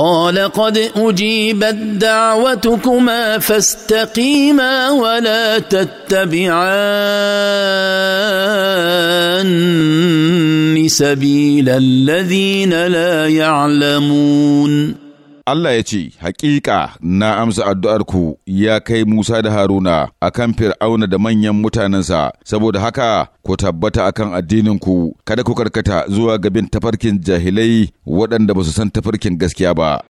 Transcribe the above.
قال قد اجيبت دعوتكما فاستقيما ولا تتبعان سبيل الذين لا يعلمون Allah ya ce, Hakika na amsa addu'arku ya kai Musa da Haruna a kan Fir'auna da manyan mutanensa, saboda haka ku tabbata akan addininku, kada ku karkata zuwa gabin tafarkin jahilai waɗanda ba su san tafarkin gaskiya ba.